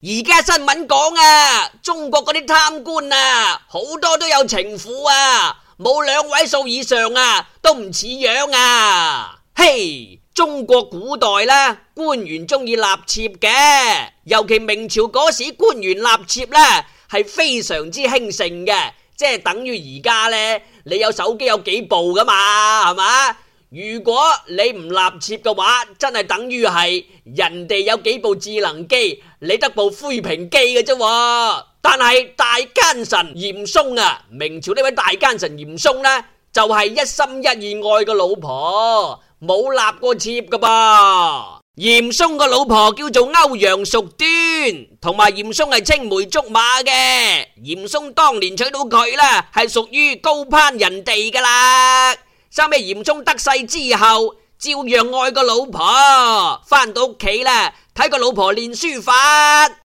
而家新聞講啊，中國嗰啲貪官啊，好多都有情婦啊，冇兩位數以上啊，都唔似樣啊。嘿，中國古代咧，官員中意納妾嘅，尤其明朝嗰時官員納妾咧係非常之興盛嘅，即係等於而家咧，你有手機有幾部噶嘛，係嘛？如果你唔立妾嘅話，真係等於係人哋有幾部智能機，你得部灰屏機嘅啫。但係大奸臣嚴嵩啊，明朝呢位大奸臣嚴嵩呢、啊，就係、是、一心一意愛個老婆，冇立過妾嘅噃。嚴嵩個老婆叫做歐陽淑端，同埋嚴嵩係青梅竹馬嘅。嚴嵩當年娶到佢啦，係屬於高攀人哋噶啦。生咩嚴嵩得勢之後，照樣愛個老婆，返到屋企啦，睇個老婆練書法。